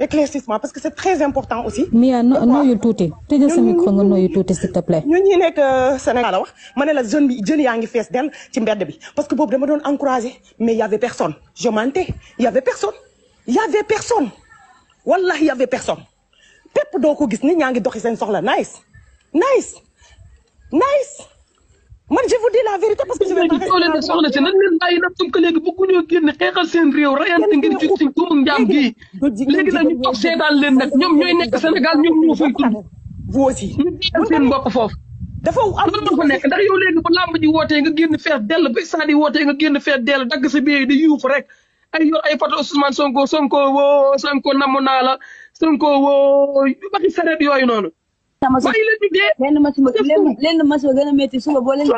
éclaircissement parce que c'est très important aussi. Mia nooyu tuuti tëjal sa micro nga nooyu tuuti s'il te plaît. Nous ñi nekk euh, Sénégal Je wax ma la jeune bi jeune yaa ngi fees ci bi parce que boobu dama doon encouragé mais il y avait personne je mentais Il y avait personne Il y avait personne Wallah, il y avait personne pépp doo ko gis nit ñaa ngi doxi seen soxla nice nice nice man je vous dis la vérité parce que je vais parler. léegi soxna si nan leen bàyyi nag comme que léegi bëgguñoo génn xeexal seen réew rayante ngir jur suñ doomu njaam leen nag ñoom ñooy nekk Sénégal ñoom ñoo seen bopp foofu. dafa am lu ko nekk ndax yow léegi bu làmb ji wootee nga génn fees dell ba stade wootee nga génn fees dell dagg sa biir di yuufu rek ay yor ay photo Ousmane Sonko Sonko woo Sonko namu naa la Sonko woo waxi sareet yooyu noonu ma su lenn ma suba lenn ma suba gën a métti suba boo leen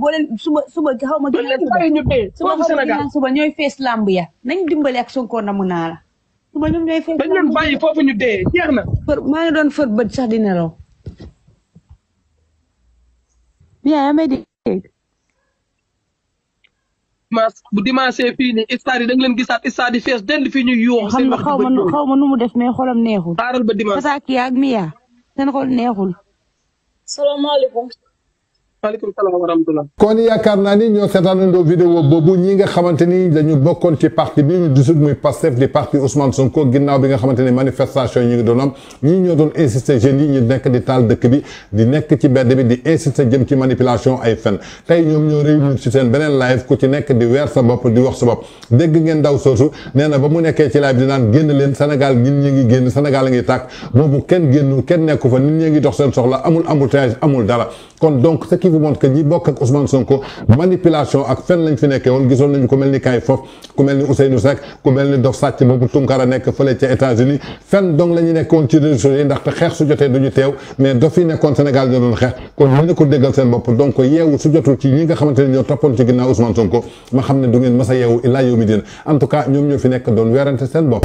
boo leen suba suba xaw ma suba xaw suba ñooy fees làmb ya nañ dimbali ak Sonko na mu naa la suba ñoom ñooy fees dañ leen bàyyi foofu ñu dee jeex na maa ngi doon fër bët sax di nelaw yaa yaa may dégg dimanche bu dimanche fii nii stade yi da nga leen gisaat stade yi fees dend fii ñu yuux seen wax xaw ma nu mu def mais xolam neexul seen xol neexul. salaamaaleykum. maaleykum salaam wa rahmatulah. kon yaakaar naa ni ñoo seetaanandoo vidéo boobu ñi nga xamante ni dañu bokkoon ci parti bi ñu disut muy Pastef di parti Ousmane Sonko ginnaaw bi nga xamante ni manifestation yi ñu ngi doon ñi ñoo doon insister jeunes yi ñu nekk di taal dëkk bi di nekk ci bedd bi di insister jëm ci manipulation ay fen tey ñoom ñoo réunir ci seen beneen live ku ci nekk di weer sa bopp di wax sa bopp dégg ngeen ndaw soosu nee na ba mu nekkee ci live di naan génn leen Sénégal ñun ñi ngi génn Sénégal a ngi tàkk boobu kenn génnu kenn nekku fa nit ñi ngi dox seen soxla amul embouteillage amul dara kon donc ce vous montre que ñi bokk ak Ousmane Sonko manipulation ak fen lañ fi nekkee woon gisoon nañu ku mel ni Kay Fof ku mel ni Ousseynou Seck ku mel ni Dof Sàcc boobu Tunkara nekk fële ca États-Unis fen dong la ñu nekkoon ci réseaux yi ndaxte xeex su jotee duñu teew mais dof yi nekkoon Sénégal ñu doon xeex kon mën na ko déggal seen bopp donc yeewu su jotul ci ñi nga xamante ne ñoo toppoon ci ginnaaw Ousmane Sonko ma xam ne du ngeen mas a yeewu illaa yow mi dina en tout cas ñoom ñoo fi nekk doon weerante seen bopp